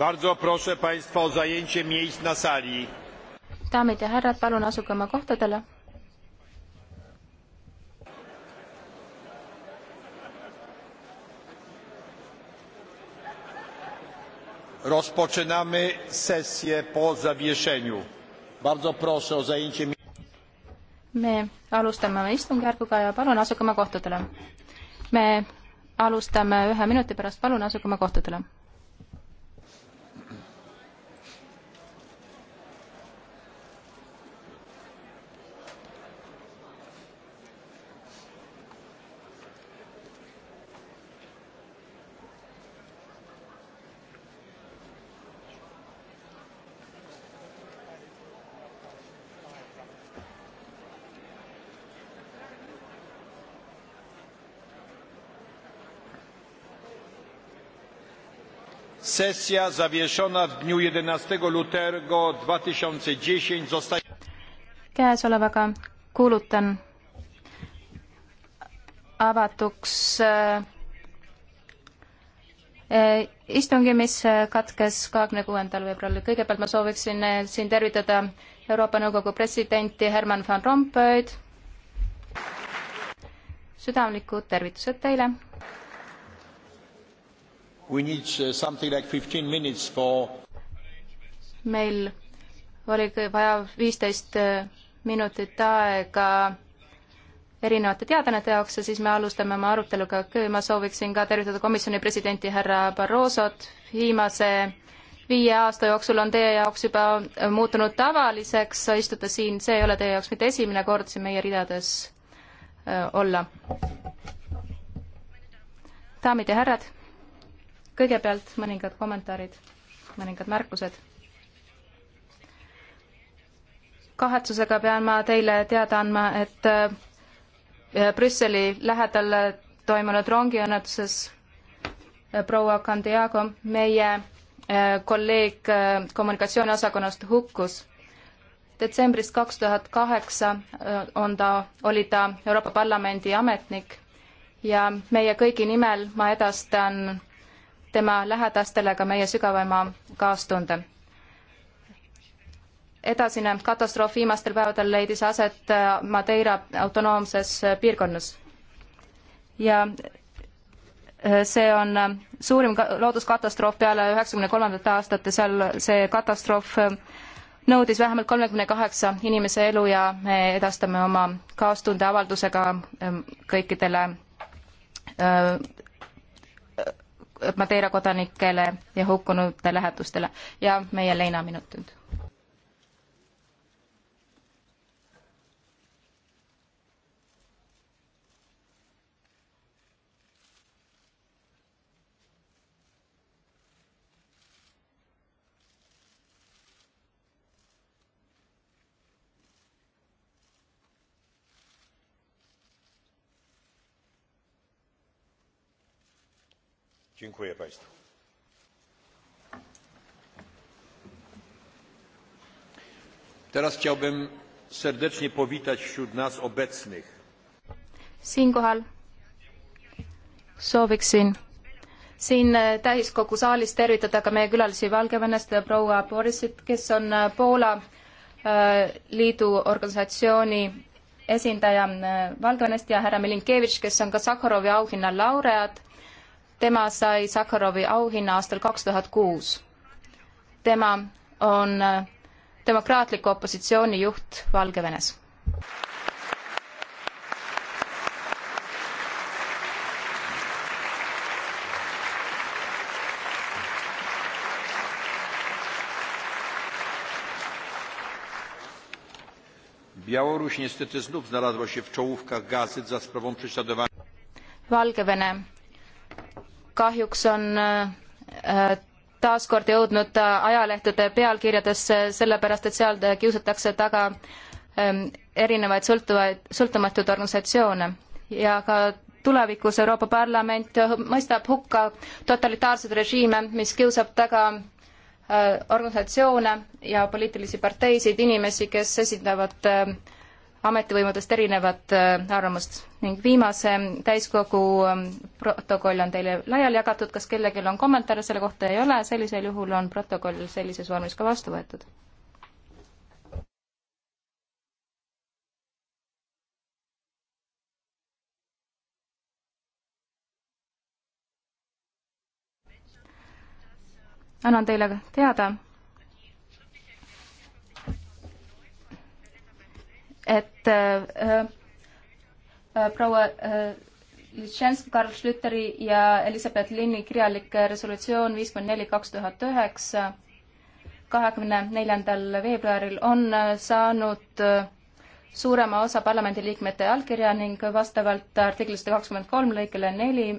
Bardzo proszę państwa o zajęcie miejsc na sali. Daamid ja härrad, palun asuge oma kohtadele. Rozpoczynamy sesję po zawieszeniu. Bardzo proszę o zajęcie miejsc. Me alustame oma istungjärguga ja palun asuge oma kohtadele. Me alustame ühe minuti pärast, palun asuge oma kohtadele. Sesja zawieszona w dniu 11 lutego 2010 zostaje... Käesolevaga kuulutan avatuks e, e, istungi, mis katkes kahekümne kuuendal veebruaril. kõigepealt ma sooviksin e, siin tervitada Euroopa Nõukogu presidenti Herman Van Rompuyd. südamlikud tervitused teile Uh, like for... meil oli vaja viisteist äh, minutit aega erinevate teadannete jaoks ja siis me alustame oma aruteluga. ma sooviksin ka tervitada komisjoni presidenti härra Barrosot. viimase viie aasta jooksul on teie jaoks juba muutunud tavaliseks istuda siin, see ei ole teie jaoks mitte esimene kord siin meie ridades äh, olla. daamid ja härrad kõigepealt mõningad kommentaarid, mõningad märkused. kahetsusega pean ma teile teada andma, et äh, Brüsseli lähedal toimunud rongiõnnetuses äh, proua Candiago, meie äh, kolleeg kommunikatsiooniosakonnast hukkus. detsembris kaks tuhat kaheksa on ta, oli ta Euroopa Parlamendi ametnik ja meie kõigi nimel ma edastan tema lähedastele ka meie sügavaima kaastunde. edasine katastroof viimastel päevadel leidis aset äh, Madeira autonoomses äh, piirkonnas ja äh, see on suurim looduskatastroof peale üheksakümne kolmandat aastat ja seal see katastroof nõudis vähemalt kolmekümne kaheksa inimese elu ja me edastame oma kaastundeavaldusega ähm, kõikidele Madeira kodanikele ja hukkunute lähedustele ja meie leinaminutid dziękuję państwu. teraz chciałbym serdecznie powitać wśród nas obecnych siinkohal sooviksin siin e, täiskogu saalis tervitada ka meie külalisi Valgevenest e, proua Borisit, kes on e, Poola liidu organisatsiooni esindaja Valgevenest ja härra Milinkevitš, kes on ka Sahharovi auhinna laureaat tema sai Sakharovi auhinna aastal kaks tuhat kuus. tema on äh, demokraatliku opositsiooni juht Valgevenes. Białoruś niestety znów znalazła się w czołówkach gazet za sprawą prześladowania. Valgevene kahjuks on äh, äh, taaskord jõudnud äh, ajalehtede pealkirjadesse, sellepärast et seal kiusatakse taga ähm, erinevaid sõltuvaid, sõltumatuid organisatsioone ja ka tulevikus Euroopa Parlament mõistab hukka totalitaarseid režiime, mis kiusab taga organisatsioone ja poliitilisi parteisid, inimesi, kes esindavad ametivõimudest erinevat äh, arvamust ning viimase täiskogu ähm, protokoll on teile laiali jagatud, kas kellelgi on kommentaare selle kohta, ei ole, sellisel juhul on protokoll sellises vormis ka vastu võetud. annan teile teada et äh, äh, proua äh, Litšensk, Karl Schlüteri ja Elizabeth Linni kirjalik resolutsioon viiskümmend neli kaks tuhat üheksa kahekümne neljandal veebruaril on saanud suurema osa parlamendiliikmete allkirja ning vastavalt artiklist kakskümmend kolm lõikele neli